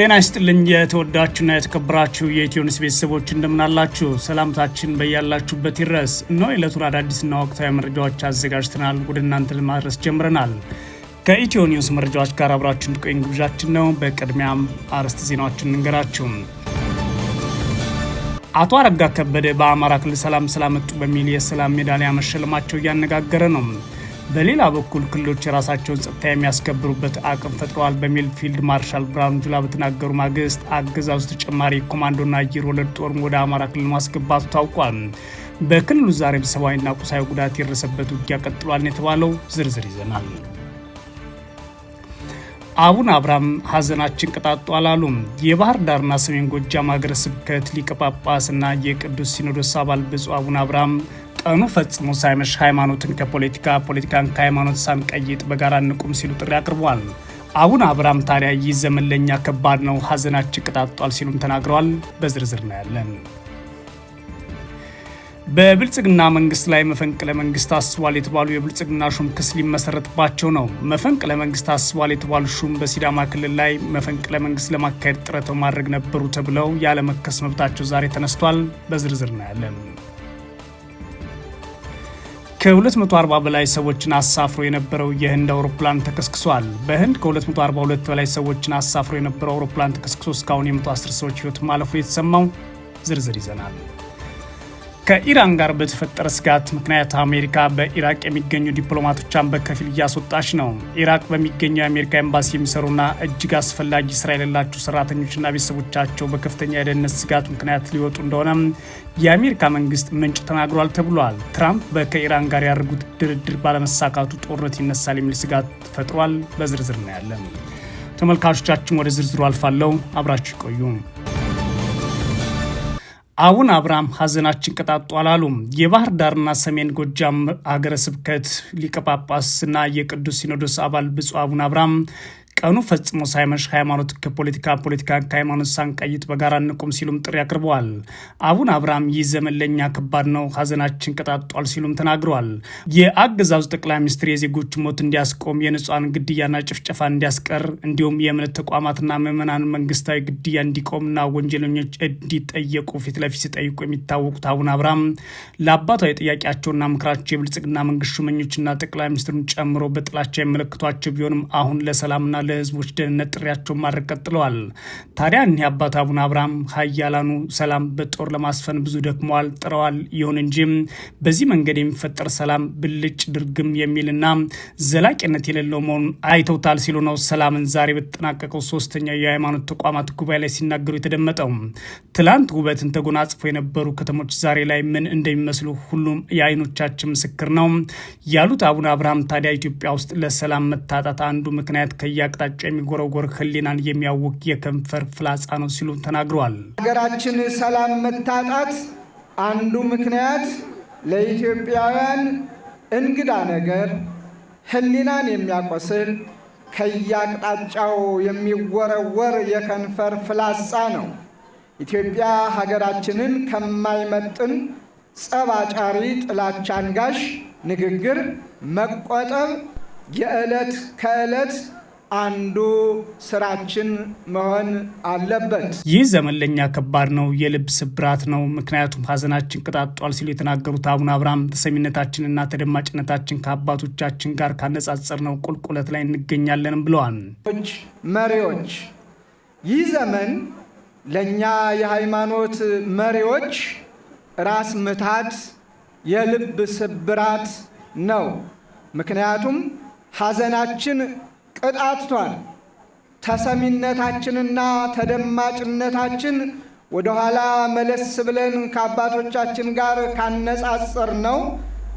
ጤና ይስጥልኝ የተወዳችሁና የተከበራችሁ የኢትዮኒስ ቤተሰቦች እንደምናላችሁ፣ ሰላምታችን በያላችሁበት ይድረስ። እነሆ የዕለቱን አዳዲስና ወቅታዊ መረጃዎች አዘጋጅተናል ወደ እናንተ ለማድረስ ጀምረናል። ከኢትዮ ኒውስ መረጃዎች ጋር አብራችሁ እንድቆዩ ግብዣችን ነው። በቅድሚያም አርዕስተ ዜናዎችን እንገራችሁ። አቶ አረጋ ከበደ በአማራ ክልል ሰላም ስላመጡ በሚል የሰላም ሜዳሊያ መሸለማቸው እያነጋገረ ነው። በሌላ በኩል ክልሎች የራሳቸውን ጸጥታ የሚያስከብሩበት አቅም ፈጥረዋል በሚል ፊልድ ማርሻል ብርሃኑ ጁላ በተናገሩ ማግስት አገዛዙ ተጨማሪ ኮማንዶና አየር ወለድ ጦርም ወደ አማራ ክልል ማስገባቱ ታውቋል። በክልሉ ዛሬም ሰብአዊና ቁሳዊ ጉዳት የደረሰበት ውጊያ ቀጥሏል የተባለው ዝርዝር ይዘናል። አቡነ አብርሃም ሀዘናችን ቅጣጡ አላሉም። የባህር ዳርና ሰሜን ጎጃም ሀገረ ስብከት ሊቀ ጳጳስና የቅዱስ ሲኖዶስ አባል ብፁዕ አቡነ አብርሃም ቀኑ ፈጽሞ ሳይመሽ ሃይማኖትን ከፖለቲካ ፖለቲካን ከሃይማኖት ሳንቀይጥ በጋራ እንቁም ሲሉ ጥሪ አቅርበዋል። አቡነ አብርሃም ታዲያ ይህ ዘመን ለእኛ ከባድ ነው፣ ሀዘናችን ቅጣጧል ሲሉም ተናግረዋል። በዝርዝር እናያለን። በብልጽግና መንግስት ላይ መፈንቅለ መንግስት አስቧል የተባሉ የብልጽግና ሹም ክስ ሊመሰረትባቸው ነው። መፈንቅለ መንግስት አስቧል የተባሉ ሹም በሲዳማ ክልል ላይ መፈንቅለ መንግስት ለማካሄድ ጥረት ማድረግ ነበሩ ተብለው ያለመከስ መብታቸው ዛሬ ተነስቷል። በዝርዝር እናያለን። ከ240 በላይ ሰዎችን አሳፍሮ የነበረው የህንድ አውሮፕላን ተከስክሷል። በህንድ ከ242 በላይ ሰዎችን አሳፍሮ የነበረው አውሮፕላን ተከስክሶ እስካሁን የ110 ሰዎች ህይወት ማለፉ የተሰማው ዝርዝር ይዘናል። ከኢራን ጋር በተፈጠረ ስጋት ምክንያት አሜሪካ በኢራቅ የሚገኙ ዲፕሎማቶቿን በከፊል እያስወጣች ነው። ኢራቅ በሚገኘው የአሜሪካ ኤምባሲ የሚሰሩና እጅግ አስፈላጊ ስራ የሌላቸው ሰራተኞችና ቤተሰቦቻቸው በከፍተኛ የደህንነት ስጋት ምክንያት ሊወጡ እንደሆነ የአሜሪካ መንግስት ምንጭ ተናግሯል ተብሏል። ትራምፕ ከኢራን ጋር ያደርጉት ድርድር ባለመሳካቱ ጦርነት ይነሳል የሚል ስጋት ፈጥሯል። በዝርዝር ነው ተመልካቾቻችን ወደ ዝርዝሩ አልፋለሁ። አብራችሁ ይቆዩ። አቡነ አብርሃም ሐዘናችን ቀጣጧል አላሉም። የባህር ዳርና ሰሜን ጎጃም አገረ ስብከት ሊቀ ጳጳስና የቅዱስ ሲኖዶስ አባል ብፁዕ አቡነ አብርሃም ቀኑ ፈጽሞ ሳይመሽ ሃይማኖት ከፖለቲካ ፖለቲካ ከሃይማኖት ሳንቀይጥ በጋራ እንቁም ሲሉም ጥሪ አቅርበዋል። አቡነ አብርሃም ይህ ዘመን ለእኛ ከባድ ነው፣ ሀዘናችን ቀጣጧል ሲሉም ተናግረዋል። የአገዛዙ ጠቅላይ ሚኒስትር የዜጎች ሞት እንዲያስቆም፣ የንጹሐን ግድያና ጭፍጨፋ እንዲያስቀር እንዲሁም የእምነት ተቋማትና ምዕመናን መንግስታዊ ግድያ እንዲቆምና ወንጀለኞች እንዲጠየቁ ፊት ለፊት ሲጠይቁ የሚታወቁት አቡነ አብርሃም ለአባታዊ ጥያቄያቸውና ምክራቸው የብልጽግና መንግስት ሹመኞችና ጠቅላይ ሚኒስትሩን ጨምሮ በጥላቻ የመለክቷቸው ቢሆንም አሁን ለሰላምና ለህዝቦች ደህንነት ጥሪያቸውን ማድረግ ቀጥለዋል። ታዲያ እኒህ አባት አቡነ አብርሃም ሀያላኑ ሰላም በጦር ለማስፈን ብዙ ደክመዋል፣ ጥረዋል። ይሁን እንጂ በዚህ መንገድ የሚፈጠር ሰላም ብልጭ ድርግም የሚልና ዘላቂነት የሌለው መሆኑን አይተውታል ሲሉ ነው ሰላምን ዛሬ በተጠናቀቀው ሶስተኛው የሃይማኖት ተቋማት ጉባኤ ላይ ሲናገሩ የተደመጠው። ትላንት ውበትን ተጎናጽፎ የነበሩ ከተሞች ዛሬ ላይ ምን እንደሚመስሉ ሁሉም የአይኖቻችን ምስክር ነው ያሉት አቡነ አብርሃም ታዲያ ኢትዮጵያ ውስጥ ለሰላም መታጣት አንዱ ምክንያት ከያ አቅጣጫ የሚጎረጎር ህሊናን የሚያውቅ የከንፈር ፍላጻ ነው ሲሉ ተናግረዋል። ሀገራችን ሰላም መታጣት አንዱ ምክንያት ለኢትዮጵያውያን እንግዳ ነገር፣ ህሊናን የሚያቆስል ከየአቅጣጫው የሚወረወር የከንፈር ፍላጻ ነው። ኢትዮጵያ ሀገራችንን ከማይመጥን ጸባጫሪ ጥላቻ አንጋሽ ንግግር መቆጠብ የዕለት ከዕለት አንዱ ስራችን መሆን አለበት። ይህ ዘመን ለእኛ ከባድ ነው፣ የልብ ስብራት ነው። ምክንያቱም ሀዘናችን ቅጣጧል ሲሉ የተናገሩት አቡነ አብርሃም ተሰሚነታችንና ተደማጭነታችን ከአባቶቻችን ጋር ካነጻጸር ነው ቁልቁለት ላይ እንገኛለንም ብለዋል። መሪዎች ይህ ዘመን ለእኛ የሃይማኖት መሪዎች ራስ ምታት፣ የልብ ስብራት ነው። ምክንያቱም ሀዘናችን ቅጣቷን ተሰሚነታችንና ተደማጭነታችን ወደኋላ መለስ ብለን ከአባቶቻችን ጋር ካነጻጸር ነው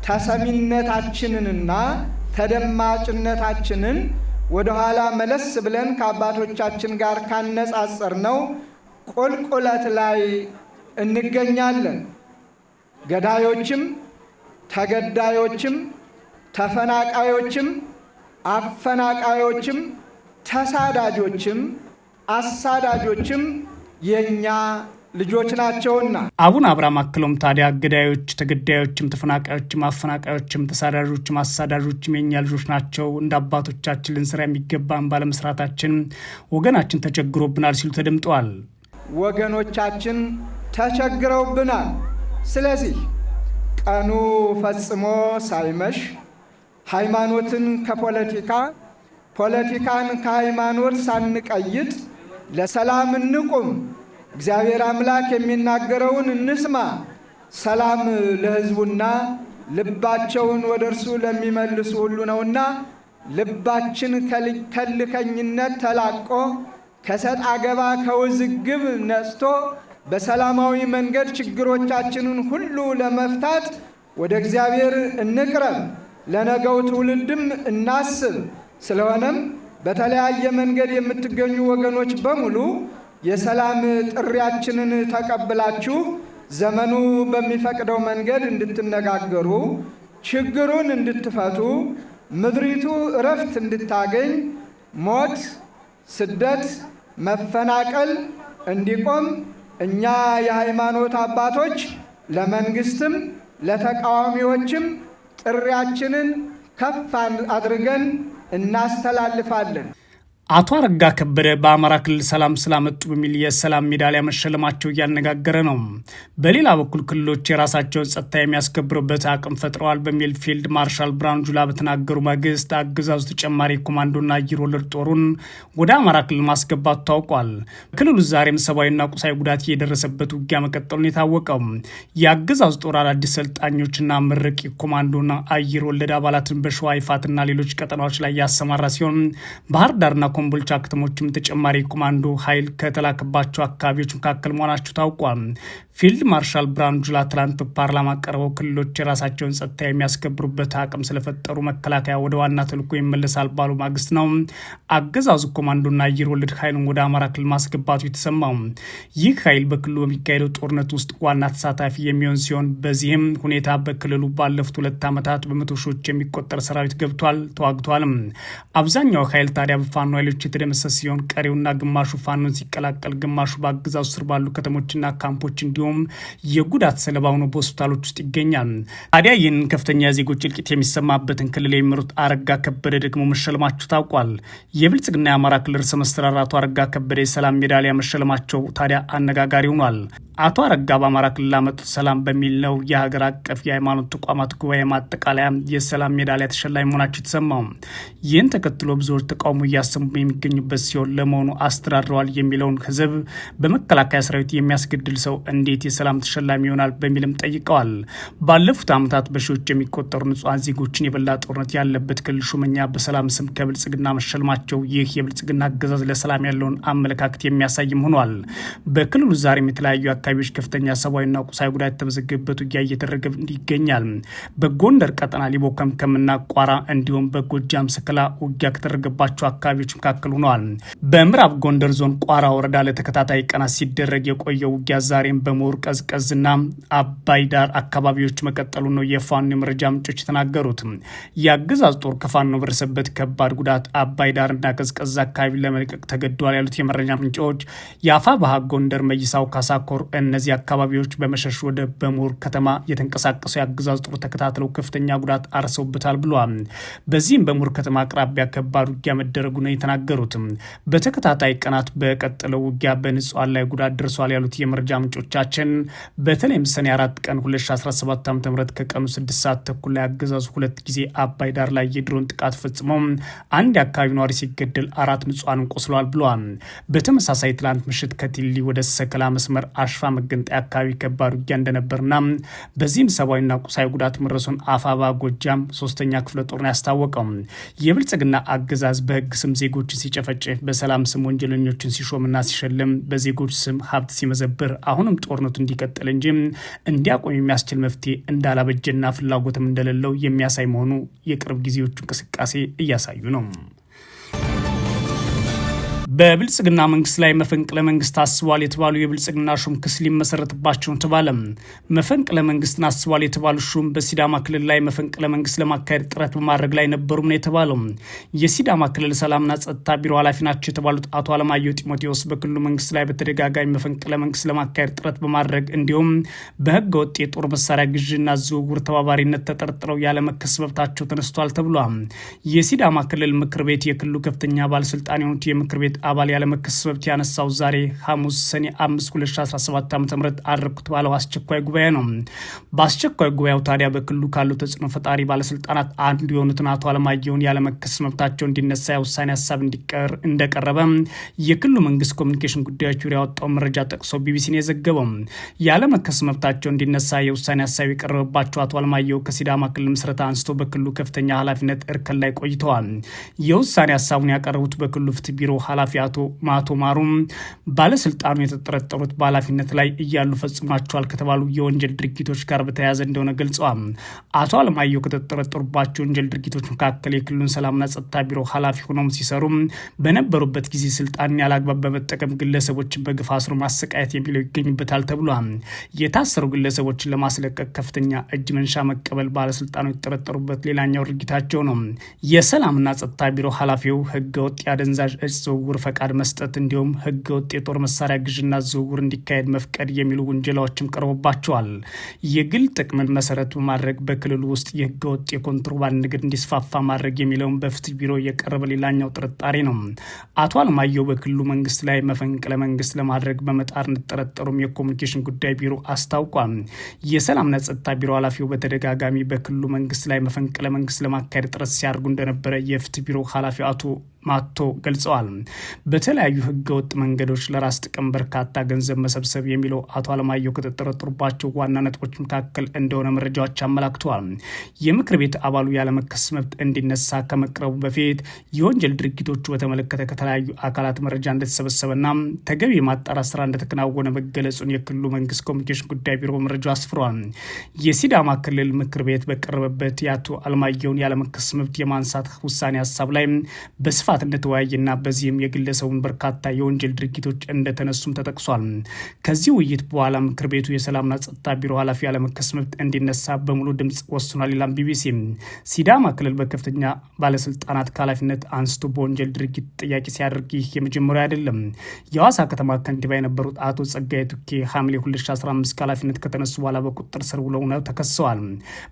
ተሰሚነታችንንና ተደማጭነታችንን ወደኋላ መለስ ብለን ከአባቶቻችን ጋር ካነጻጸር ነው ቁልቁለት ላይ እንገኛለን። ገዳዮችም ተገዳዮችም ተፈናቃዮችም አፈናቃዮችም ተሳዳጆችም አሳዳጆችም የእኛ ልጆች ናቸውና። አቡነ አብርሃም አክለውም ታዲያ ግዳዮች፣ ተገዳዮችም፣ ተፈናቃዮችም፣ አፈናቃዮችም፣ ተሳዳጆችም፣ አሳዳጆችም የኛ ልጆች ናቸው፣ እንደ አባቶቻችን ልንሰራ የሚገባን ባለመስራታችን ወገናችን ተቸግሮብናል ሲሉ ተደምጠዋል። ወገኖቻችን ተቸግረውብናል። ስለዚህ ቀኑ ፈጽሞ ሳይመሽ ሃይማኖትን ከፖለቲካ ፖለቲካን ከሃይማኖት ሳንቀይጥ ለሰላም እንቁም፣ እግዚአብሔር አምላክ የሚናገረውን እንስማ፣ ሰላም ለሕዝቡና ልባቸውን ወደ እርሱ ለሚመልሱ ሁሉ ነውና ልባችን ከልከኝነት ተላቆ ከሰጥ አገባ ከውዝግብ ነጽቶ በሰላማዊ መንገድ ችግሮቻችንን ሁሉ ለመፍታት ወደ እግዚአብሔር እንቅረብ። ለነገው ትውልድም እናስብ። ስለሆነም በተለያየ መንገድ የምትገኙ ወገኖች በሙሉ የሰላም ጥሪያችንን ተቀብላችሁ ዘመኑ በሚፈቅደው መንገድ እንድትነጋገሩ፣ ችግሩን እንድትፈቱ፣ ምድሪቱ እረፍት እንድታገኝ፣ ሞት፣ ስደት፣ መፈናቀል እንዲቆም እኛ የሃይማኖት አባቶች ለመንግስትም ለተቃዋሚዎችም ጥሪያችንን ከፍ አድርገን እናስተላልፋለን። አቶ አረጋ ከበደ በአማራ ክልል ሰላም ስላመጡ በሚል የሰላም ሜዳሊያ መሸለማቸው እያነጋገረ ነው። በሌላ በኩል ክልሎች የራሳቸውን ጸጥታ የሚያስከብሩበት አቅም ፈጥረዋል በሚል ፊልድ ማርሻል ብርሃኑ ጁላ በተናገሩ ማግስት አገዛዙ ተጨማሪ ኮማንዶና አየር ወለድ ጦሩን ወደ አማራ ክልል ማስገባቱ ታውቋል። ክልሉ ዛሬም ሰብአዊና ቁሳዊ ጉዳት የደረሰበት ውጊያ መቀጠሉን የታወቀው የአገዛዙ ጦር አዳዲስ ሰልጣኞችና ምርቅ ኮማንዶና አየር ወለድ አባላትን በሸዋ ይፋትና ሌሎች ቀጠናዎች ላይ ያሰማራ ሲሆን ባህር ዳርና ኮምቦልቻ ከተሞችም ተጨማሪ ኮማንዶ ኃይል ከተላከባቸው አካባቢዎች መካከል መሆናቸው ታውቋል። ፊልድ ማርሻል ብርሃኑ ጁላ ትላንት በፓርላማ ቀርበው ክልሎች የራሳቸውን ጸጥታ የሚያስከብሩበት አቅም ስለፈጠሩ መከላከያ ወደ ዋና ተልኮ ይመለሳል ባሉ ማግስት ነው አገዛዙ ኮማንዶና አየር ወለድ ኃይሉን ወደ አማራ ክልል ማስገባቱ የተሰማው። ይህ ኃይል በክልሉ በሚካሄደው ጦርነት ውስጥ ዋና ተሳታፊ የሚሆን ሲሆን በዚህም ሁኔታ በክልሉ ባለፉት ሁለት ዓመታት በመቶ ሺዎች የሚቆጠር ሰራዊት ገብቷል፣ ተዋግቷል አብዛኛው ኃይል ታዲያ በፋኖ ኃይሎች የተደመሰስ ሲሆን ቀሪውና ግማሹ ፋኖን ሲቀላቀል፣ ግማሹ በአገዛዙ ስር ባሉ ከተሞችና ካምፖች እንዲሁም ደግሞም የጉዳት ሰለባ ሆኖ በሆስፒታሎች ውስጥ ይገኛል። ታዲያ ይህንን ከፍተኛ የዜጎች እልቂት የሚሰማበትን ክልል የሚመሩት አረጋ ከበደ ደግሞ መሸለማቸው ታውቋል። የብልጽግና የአማራ ክልል ርዕሰ መስተዳድር አቶ አረጋ ከበደ የሰላም ሜዳሊያ መሸለማቸው ታዲያ አነጋጋሪ ሆኗል። አቶ አረጋ በአማራ ክልል አመጡት ሰላም በሚል ነው የሀገር አቀፍ የሃይማኖት ተቋማት ጉባኤ ማጠቃለያ የሰላም ሜዳሊያ ተሸላሚ መሆናቸው የተሰማው። ይህን ተከትሎ ብዙዎች ተቃውሞ እያሰሙ የሚገኙበት ሲሆን ለመሆኑ አስተዳድረዋል የሚለውን ህዝብ በመከላከያ ሰራዊት የሚያስገድል ሰው እንዴት ቤት የሰላም ተሸላሚ ይሆናል በሚልም ጠይቀዋል። ባለፉት ዓመታት በሺዎች የሚቆጠሩ ንጹሐን ዜጎችን የበላ ጦርነት ያለበት ክልል ሹመኛ በሰላም ስም ከብልጽግና መሸልማቸው ይህ የብልጽግና አገዛዝ ለሰላም ያለውን አመለካከት የሚያሳይም ሆኗል። በክልሉ ዛሬም የተለያዩ አካባቢዎች ከፍተኛ ሰብአዊና ቁሳዊ ጉዳት የተመዘገበበት ውጊያ እየተደረገ ይገኛል። በጎንደር ቀጠና ሊቦከም ከምና ቋራ እንዲሁም በጎጃም ሰከላ ውጊያ ከተደረገባቸው አካባቢዎች መካከል ሆነዋል። በምዕራብ ጎንደር ዞን ቋራ ወረዳ ለተከታታይ ቀናት ሲደረግ የቆየው ውጊያ ዛሬም በሞ ጦር ቀዝቀዝና አባይ ዳር አካባቢዎች መቀጠሉ ነው የፋኖ የመረጃ ምንጮች የተናገሩት። የአገዛዝ ጦር ከፋኖ በደረሰበት ከባድ ጉዳት አባይ ዳርና ቀዝቀዝ አካባቢ ለመልቀቅ ተገደዋል ያሉት የመረጃ ምንጮች የአፋ ባህ ጎንደር፣ መይሳው፣ ካሳኮር እነዚህ አካባቢዎች በመሸሽ ወደ በሙር ከተማ የተንቀሳቀሱ የአገዛዝ ጦር ተከታትለው ከፍተኛ ጉዳት አርሰውበታል ብሏል። በዚህም በሙር ከተማ አቅራቢያ ከባድ ውጊያ መደረጉ ነው የተናገሩት። በተከታታይ ቀናት በቀጠለው ውጊያ በንጹሃን ላይ ጉዳት ደርሷል ያሉት የመረጃ ምንጮቻችን መረጃችን በተለይም ሰኔ አራት ቀን 2017 ዓ ም ከቀኑ ስድስት ሰዓት ተኩል ላይ አገዛዙ ሁለት ጊዜ አባይ ዳር ላይ የድሮን ጥቃት ፈጽሞ አንድ የአካባቢ ነዋሪ ሲገደል አራት ንጹሐንን ቆስለዋል ብለዋል። በተመሳሳይ ትላንት ምሽት ከቲሊ ወደ ሰከላ መስመር አሽፋ መገንጠያ አካባቢ ከባድ ውጊያ እንደነበርና በዚህም ሰብአዊና ቁሳዊ ጉዳት መድረሱን አፋባ ጎጃም ሶስተኛ ክፍለ ጦርን ያስታወቀው የብልጽግና አገዛዝ በህግ ስም ዜጎችን ሲጨፈጭፍ፣ በሰላም ስም ወንጀለኞችን ሲሾምና ሲሸልም፣ በዜጎች ስም ሀብት ሲመዘብር አሁንም ጦር ጦርነቱ እንዲቀጥል እንጂ እንዲያቆም የሚያስችል መፍትሄ እንዳላበጀና ፍላጎትም እንደሌለው የሚያሳይ መሆኑ የቅርብ ጊዜዎቹ እንቅስቃሴ እያሳዩ ነው። በብልጽግና መንግስት ላይ መፈንቅለ መንግስት አስቧል የተባሉ የብልጽግና ሹም ክስ ሊመሰረትባቸውን ተባለ። መፈንቅለ መንግስትን አስቧል የተባሉ ሹም በሲዳማ ክልል ላይ መፈንቅለ መንግስት ለማካሄድ ጥረት በማድረግ ላይ ነበሩም ነው የተባለው። የሲዳማ ክልል ሰላምና ጸጥታ ቢሮ ኃላፊ ናቸው የተባሉት አቶ አለማየሁ ጢሞቴዎስ በክልሉ መንግስት ላይ በተደጋጋሚ መፈንቅለ መንግስት ለማካሄድ ጥረት በማድረግ እንዲሁም በህገ ወጥ የጦር መሳሪያ ግዥና ዝውውር ተባባሪነት ተጠርጥረው ያለመከስ መብታቸው ተነስቷል ተብሏል። የሲዳማ ክልል ምክር ቤት የክልሉ ከፍተኛ ባለስልጣን የሆኑት የምክር ቤት አባል ያለመከሰስ መብት ያነሳው ዛሬ ሐሙስ ሰኔ 5 2017 ዓ ም አድርኩት ባለው አስቸኳይ ጉባኤ ነው። በአስቸኳይ ጉባኤው ታዲያ በክልሉ ካሉ ተጽዕኖ ፈጣሪ ባለስልጣናት አንዱ የሆኑትን አቶ አለማየሁን ያለመከሰስ መብታቸው እንዲነሳ የውሳኔ ሀሳብ እንዲቀር እንደቀረበ የክልሉ መንግስት ኮሚኒኬሽን ጉዳዮች ዙሪያ ያወጣው መረጃ ጠቅሶ ቢቢሲን የዘገበው ያለመከሰስ መብታቸው እንዲነሳ የውሳኔ ሀሳብ የቀረበባቸው አቶ አለማየሁ ከሲዳማ ክልል ምስረታ አንስቶ በክልሉ ከፍተኛ ኃላፊነት እርከን ላይ ቆይተዋል። የውሳኔ ሀሳቡን ያቀረቡት በክልሉ ፍትህ ቢሮ ኃላፊ አቶ ማቶ ማሩም ባለስልጣኑ የተጠረጠሩት በኃላፊነት ላይ እያሉ ፈጽሟቸዋል ከተባሉ የወንጀል ድርጊቶች ጋር በተያያዘ እንደሆነ ገልጸዋል። አቶ አለማየሁ ከተጠረጠሩባቸው ወንጀል ድርጊቶች መካከል የክልሉን ሰላምና ጸጥታ ቢሮ ኃላፊ ሆነው ሲሰሩ በነበሩበት ጊዜ ስልጣን ያላግባብ በመጠቀም ግለሰቦችን በግፍ አስሮ ማሰቃየት የሚለው ይገኝበታል ተብሏል። የታሰሩ ግለሰቦችን ለማስለቀቅ ከፍተኛ እጅ መንሻ መቀበል ባለስልጣኑ የተጠረጠሩበት ሌላኛው ድርጊታቸው ነው። የሰላምና ጸጥታ ቢሮ ኃላፊው ህገወጥ የአደንዛዥ እጽ ዝውውር ፈቃድ መስጠት እንዲሁም ህገ ወጥ የጦር መሳሪያ ግዥና ዝውውር እንዲካሄድ መፍቀድ የሚሉ ውንጀላዎችም ቀርቦባቸዋል። የግል ጥቅምን መሰረት በማድረግ በክልሉ ውስጥ የህገ ወጥ የኮንትሮባንድ ንግድ እንዲስፋፋ ማድረግ የሚለውን በፍትህ ቢሮ የቀረበ ሌላኛው ጥርጣሬ ነው። አቶ አለማየሁ በክልሉ መንግስት ላይ መፈንቅለ መንግስት ለማድረግ በመጣር እንጠረጠሩም የኮሚኒኬሽን ጉዳይ ቢሮ አስታውቋል። የሰላምና ጸጥታ ቢሮ ኃላፊው በተደጋጋሚ በክልሉ መንግስት ላይ መፈንቅለ መንግስት ለማካሄድ ጥረት ሲያደርጉ እንደነበረ የፍትህ ቢሮ ኃላፊው አቶ ማቶ ገልጸዋል። በተለያዩ ህገወጥ መንገዶች ለራስ ጥቅም በርካታ ገንዘብ መሰብሰብ የሚለው አቶ አለማየሁ ከተጠረጠሩባቸው ዋና ነጥቦች መካከል እንደሆነ መረጃዎች አመላክተዋል። የምክር ቤት አባሉ ያለመከሰስ መብት እንዲነሳ ከመቅረቡ በፊት የወንጀል ድርጊቶቹ በተመለከተ ከተለያዩ አካላት መረጃ እንደተሰበሰበና ተገቢ የማጣራት ስራ እንደተከናወነ መገለጹን የክልሉ መንግስት ኮሚኒኬሽን ጉዳይ ቢሮ መረጃ አስፍሯል። የሲዳማ ክልል ምክር ቤት በቀረበበት የአቶ አለማየሁን ያለመከሰስ መብት የማንሳት ውሳኔ ሀሳብ ላይ በስፋት በስፋት እንደተወያየና በዚህም የግለሰቡን በርካታ የወንጀል ድርጊቶች እንደተነሱም ተጠቅሷል። ከዚህ ውይይት በኋላ ምክር ቤቱ የሰላምና ጸጥታ ቢሮ ኃላፊ ያለመከስ መብት እንዲነሳ በሙሉ ድምፅ ወስኗል ይላም ቢቢሲ። ሲዳማ ክልል በከፍተኛ ባለስልጣናት ከኃላፊነት አንስቶ በወንጀል ድርጊት ጥያቄ ሲያደርግ ይህ የመጀመሪያ አይደለም። የሐዋሳ ከተማ ከንቲባ የነበሩት አቶ ጸጋዬ ቱኬ ሐምሌ 2015 ከኃላፊነት ከተነሱ በኋላ በቁጥጥር ስር ውለው ነው ተከሰዋል።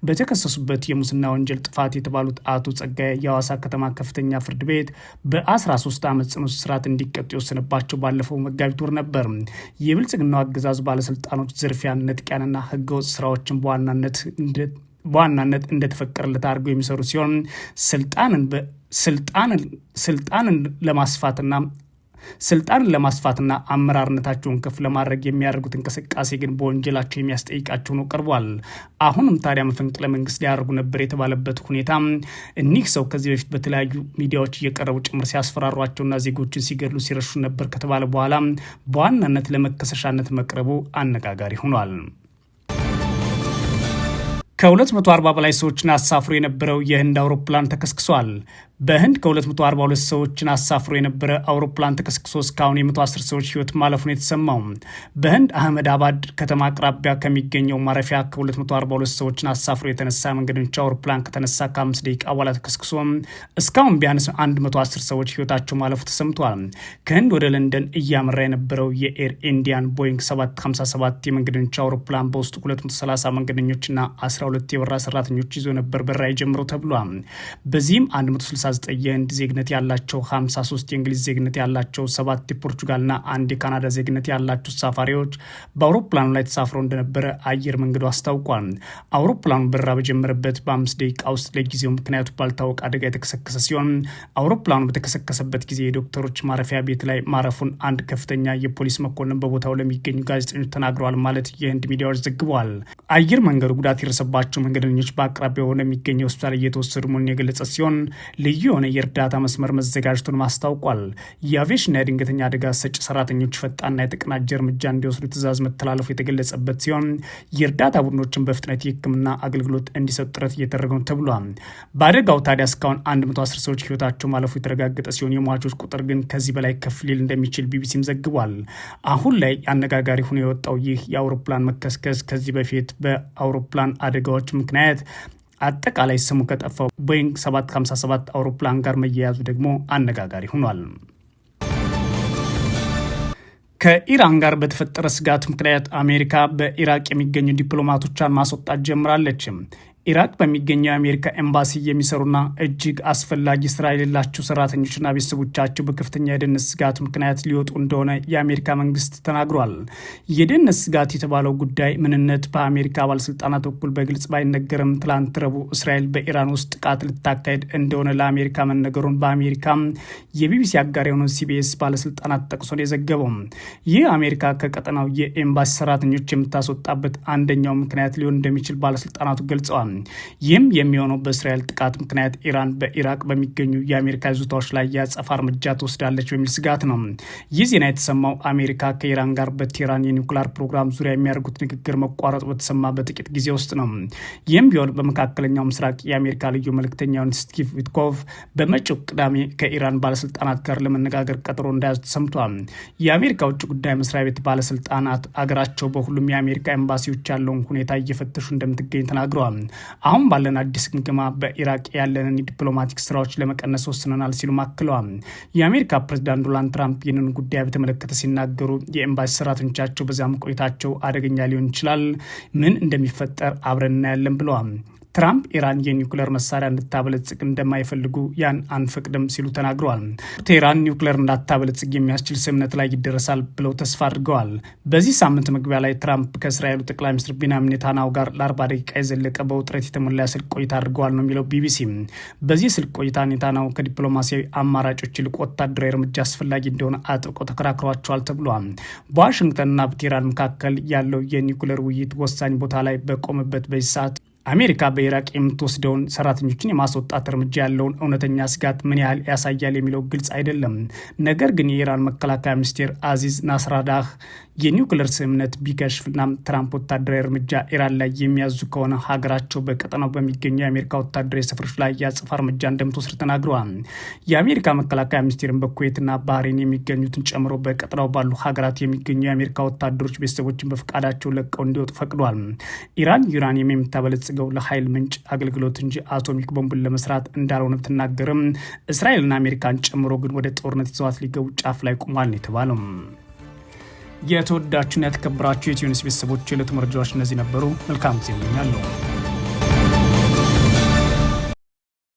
በተከሰሱበት የሙስና ወንጀል ጥፋት የተባሉት አቶ ጸጋዬ የሐዋሳ ከተማ ከፍተኛ ፍርድ ቤት በ13 ዓመት ጽኑ እስራት እንዲቀጡ የወሰነባቸው ባለፈው መጋቢት ወር ነበር። የብልጽግናው አገዛዝ ባለስልጣኖች ዝርፊያን፣ ነጥቂያንና ህገወጥ ስራዎችን በዋናነት እንደ በዋናነት እንደተፈቀረለት አድርገው የሚሰሩ ሲሆን ስልጣንን ስልጣንን ለማስፋትና ስልጣንን ለማስፋትና አመራርነታቸውን ከፍ ለማድረግ የሚያደርጉት እንቅስቃሴ ግን በወንጀላቸው የሚያስጠይቃቸው ነው ቀርቧል። አሁንም ታዲያ መፈንቅለ መንግስት ሊያደርጉ ነበር የተባለበት ሁኔታ እኒህ ሰው ከዚህ በፊት በተለያዩ ሚዲያዎች እየቀረቡ ጭምር ሲያስፈራሯቸውና ዜጎችን ሲገድሉ ሲረሹ ነበር ከተባለ በኋላ በዋናነት ለመከሰሻነት መቅረቡ አነጋጋሪ ሆኗል። ከ240 በላይ ሰዎችን አሳፍሮ የነበረው የህንድ አውሮፕላን ተከስክሷል። በህንድ ከ242 ሰዎችን አሳፍሮ የነበረ አውሮፕላን ተከስክሶ እስካሁን የ110 ሰዎች ህይወት ማለፉን የተሰማው በህንድ አህመድ አባድ ከተማ አቅራቢያ ከሚገኘው ማረፊያ ከ242 ሰዎችን አሳፍሮ የተነሳ መንገደኞች አውሮፕላን ከተነሳ ከአምስት ደቂቃ በኋላ ተከስክሶ እስካሁን ቢያንስ 110 ሰዎች ህይወታቸው ማለፉ ተሰምቷል። ከህንድ ወደ ለንደን እያመራ የነበረው የኤር ኢንዲያን ቦይንግ 757 የመንገደኞች አውሮፕላን በውስጡ 230 መንገደኞችና 12 የበራ ሰራተኞች ይዞ ነበር በራ ጀምሮ ተብሏል። በዚህም 160 59 የህንድ ዜግነት ያላቸው 53 የእንግሊዝ ዜግነት ያላቸው ሰባት የፖርቹጋልና አንድ የካናዳ ዜግነት ያላቸው ተሳፋሪዎች በአውሮፕላኑ ላይ ተሳፍረው እንደነበረ አየር መንገዱ አስታውቋል። አውሮፕላኑ በረራ በጀመረበት በአምስት ደቂቃ ውስጥ ለጊዜው ምክንያቱ ባልታወቀ አደጋ የተከሰከሰ ሲሆን አውሮፕላኑ በተከሰከሰበት ጊዜ የዶክተሮች ማረፊያ ቤት ላይ ማረፉን አንድ ከፍተኛ የፖሊስ መኮንን በቦታው ለሚገኙ ጋዜጠኞች ተናግረዋል ማለት የህንድ ሚዲያዎች ዘግበዋል። አየር መንገዱ ጉዳት የደረሰባቸው መንገደኞች በአቅራቢያው የሚገኘ ሆስፒታል እየተወሰዱ መሆኑን የገለጸ ሲሆን ልዩ የሆነ የእርዳታ መስመር መዘጋጀቱን ማስታውቋል። የአቪዬሽንና የድንገተኛ አደጋ ሰጭ ሰራተኞች ፈጣንና የተቀናጀ እርምጃ እንዲወስዱ ትእዛዝ መተላለፉ የተገለጸበት ሲሆን የእርዳታ ቡድኖችን በፍጥነት የሕክምና አገልግሎት እንዲሰጡ ጥረት እየተደረገ ነው ተብሏል። በአደጋው ታዲያ እስካሁን 110 ሰዎች ህይወታቸው ማለፉ የተረጋገጠ ሲሆን የሟቾች ቁጥር ግን ከዚህ በላይ ከፍ ሊል እንደሚችል ቢቢሲም ዘግቧል። አሁን ላይ አነጋጋሪ ሆኖ የወጣው ይህ የአውሮፕላን መከስከስ ከዚህ በፊት በአውሮፕላን አደጋዎች ምክንያት አጠቃላይ ስሙ ከጠፋው ቦይንግ 757 አውሮፕላን ጋር መያያዙ ደግሞ አነጋጋሪ ሆኗል። ከኢራን ጋር በተፈጠረ ስጋት ምክንያት አሜሪካ በኢራቅ የሚገኙ ዲፕሎማቶቿን ማስወጣት ጀምራለች። ኢራቅ በሚገኘው የአሜሪካ ኤምባሲ የሚሰሩና እጅግ አስፈላጊ ስራ የሌላቸው ሰራተኞችና ቤተሰቦቻቸው በከፍተኛ የደህንነት ስጋት ምክንያት ሊወጡ እንደሆነ የአሜሪካ መንግስት ተናግሯል። የደህንነት ስጋት የተባለው ጉዳይ ምንነት በአሜሪካ ባለስልጣናት በኩል በግልጽ ባይነገርም ትላንት ረቡዕ እስራኤል በኢራን ውስጥ ጥቃት ልታካሄድ እንደሆነ ለአሜሪካ መነገሩን በአሜሪካ የቢቢሲ አጋር የሆነ ሲቢኤስ ባለስልጣናት ጠቅሶን የዘገበው ይህ አሜሪካ ከቀጠናው የኤምባሲ ሰራተኞች የምታስወጣበት አንደኛው ምክንያት ሊሆን እንደሚችል ባለስልጣናቱ ገልጸዋል። ይህም የሚሆነው በእስራኤል ጥቃት ምክንያት ኢራን በኢራቅ በሚገኙ የአሜሪካ ይዞታዎች ላይ የአጸፋ እርምጃ ትወስዳለች በሚል ስጋት ነው። ይህ ዜና የተሰማው አሜሪካ ከኢራን ጋር በቴህራን የኒውክሌር ፕሮግራም ዙሪያ የሚያደርጉት ንግግር መቋረጡ በተሰማ በጥቂት ጊዜ ውስጥ ነው። ይህም ቢሆን በመካከለኛው ምስራቅ የአሜሪካ ልዩ መልክተኛውን ስቲቭ ዊትኮቭ በመጪው ቅዳሜ ከኢራን ባለስልጣናት ጋር ለመነጋገር ቀጠሮ እንዳያዙ ተሰምቷል። የአሜሪካ ውጭ ጉዳይ መስሪያ ቤት ባለስልጣናት አገራቸው በሁሉም የአሜሪካ ኤምባሲዎች ያለውን ሁኔታ እየፈተሹ እንደምትገኝ ተናግረዋል። አሁን ባለን አዲስ ግምገማ በኢራቅ ያለንን የዲፕሎማቲክ ስራዎች ለመቀነስ ወስነናል ሲሉ አክለዋል። የአሜሪካ ፕሬዚዳንት ዶናልድ ትራምፕ ይህንን ጉዳይ በተመለከተ ሲናገሩ የኤምባሲ ሰራተኞቻቸው በዚያም ቆይታቸው አደገኛ ሊሆን ይችላል፣ ምን እንደሚፈጠር አብረን እናያለን ብለዋል። ትራምፕ ኢራን የኒውክሌር መሳሪያ እንድታበለጽግ እንደማይፈልጉ ያን አንፈቅድም ሲሉ ተናግረዋል። ቴህራን ኒውክሌር እንዳታበለጽግ የሚያስችል ስምምነት ላይ ይደረሳል ብለው ተስፋ አድርገዋል። በዚህ ሳምንት መግቢያ ላይ ትራምፕ ከእስራኤሉ ጠቅላይ ሚኒስትር ቢንያሚን ኔታንያሁ ጋር ለአርባ ደቂቃ የዘለቀ በውጥረት የተሞላ ስልክ ቆይታ አድርገዋል ነው የሚለው ቢቢሲ። በዚህ ስልክ ቆይታ ኔታንያሁ ከዲፕሎማሲያዊ አማራጮች ይልቅ ወታደራዊ እርምጃ አስፈላጊ እንደሆነ አጥብቀው ተከራክሯቸዋል ተብሏል። በዋሽንግተንና በቴህራን መካከል ያለው የኒውክሌር ውይይት ወሳኝ ቦታ ላይ በቆመበት በዚህ ሰዓት አሜሪካ በኢራቅ የምትወስደውን ሰራተኞችን የማስወጣት እርምጃ ያለውን እውነተኛ ስጋት ምን ያህል ያሳያል የሚለው ግልጽ አይደለም። ነገር ግን የኢራን መከላከያ ሚኒስቴር አዚዝ ናስራዳህ የኒውክሌር ስምምነት ቢከሽፍና ትራምፕ ወታደራዊ እርምጃ ኢራን ላይ የሚያዙ ከሆነ ሀገራቸው በቀጠናው በሚገኙ የአሜሪካ ወታደራዊ ሰፈሮች ላይ የአጽፋ እርምጃ እንደምትወስድ ተናግረዋል። የአሜሪካ መከላከያ ሚኒስቴርን በኩዌትና ባህሬን የሚገኙትን ጨምሮ በቀጠናው ባሉ ሀገራት የሚገኙ የአሜሪካ ወታደሮች ቤተሰቦችን በፈቃዳቸው ለቀው እንዲወጡ ፈቅዷል። ኢራን ዩራኒየም የምታበለጽገው ለኃይል ምንጭ አገልግሎት እንጂ አቶሚክ ቦምቡን ለመስራት እንዳልሆነ ብትናገርም እስራኤልና አሜሪካን ጨምሮ ግን ወደ ጦርነት ይዘዋት ሊገቡ ጫፍ ላይ ቁሟል ነው የተባለው። የተወዳችሁና የተከበራችሁ የኢትዮ ኒውስ ቤተሰቦች የዕለት መረጃዎች እነዚህ ነበሩ። መልካም ጊዜ እመኛለሁ።